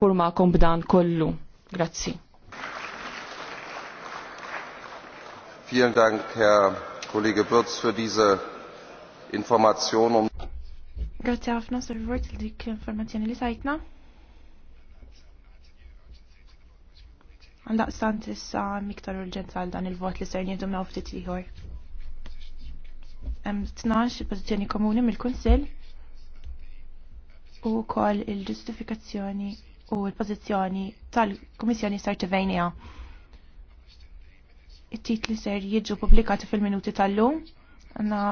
pur ma'kom kollu. Grazzi. Vielen Dank, Herr Kollege Wirtz, für diese Information. Um Grazie ħafna, Sir Wirtz, li dik informazzjoni li sajtna. Għandaq stant issa miktar urġenza għal dan il-vot li ser nieħdu ma' ftit ieħor. Hemm 12 pożizzjoni komuni mill-Kunsill u kol il-ġustifikazzjoni u l-pozizjoni tal-Komissjoni Sartivenja. tivejnija. It-titli ser jiġu publikati fil-minuti tal-lum għanna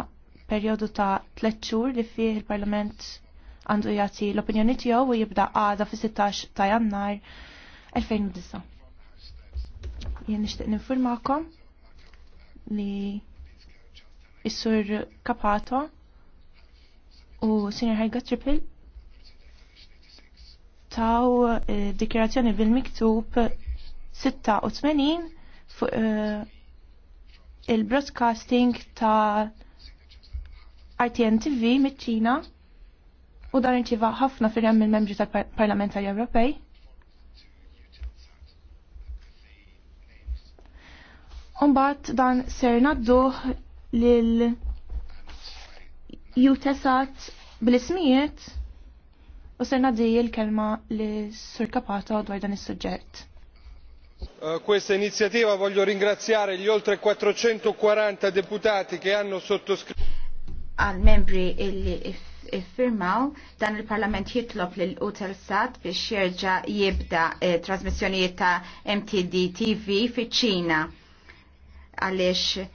periodu ta' tlet xhur li fih il-Parlament għandu jagħti l-opinjoni tiegħu u jibda għada fi 16 ta' Jannar 2009. Jien nixtieq ninfurmakom li is-sur Kapato u Senior Hajga Triple taw eh, dikjerazzjoni bil-miktub 86 fuq eh, il-broadcasting ta' RTN TV mit-ċina u dan irċiva ħafna firjem mill membri tal-Parlamentari Ewropej. Umbat dan ser nadduh lil jutesat bl-ismijiet U serna dejje l-kelma li Sur Kapata dwar dan is sujġet eh, questa iniziativa voglio ringraziare gli oltre 440 deputati che hanno sottoscritto Al membri il iffirmaw dan il-Parlament jitlob lil sad biex xerġa jibda eh, trasmissjonijiet ta' MTD TV fi ċina għaliex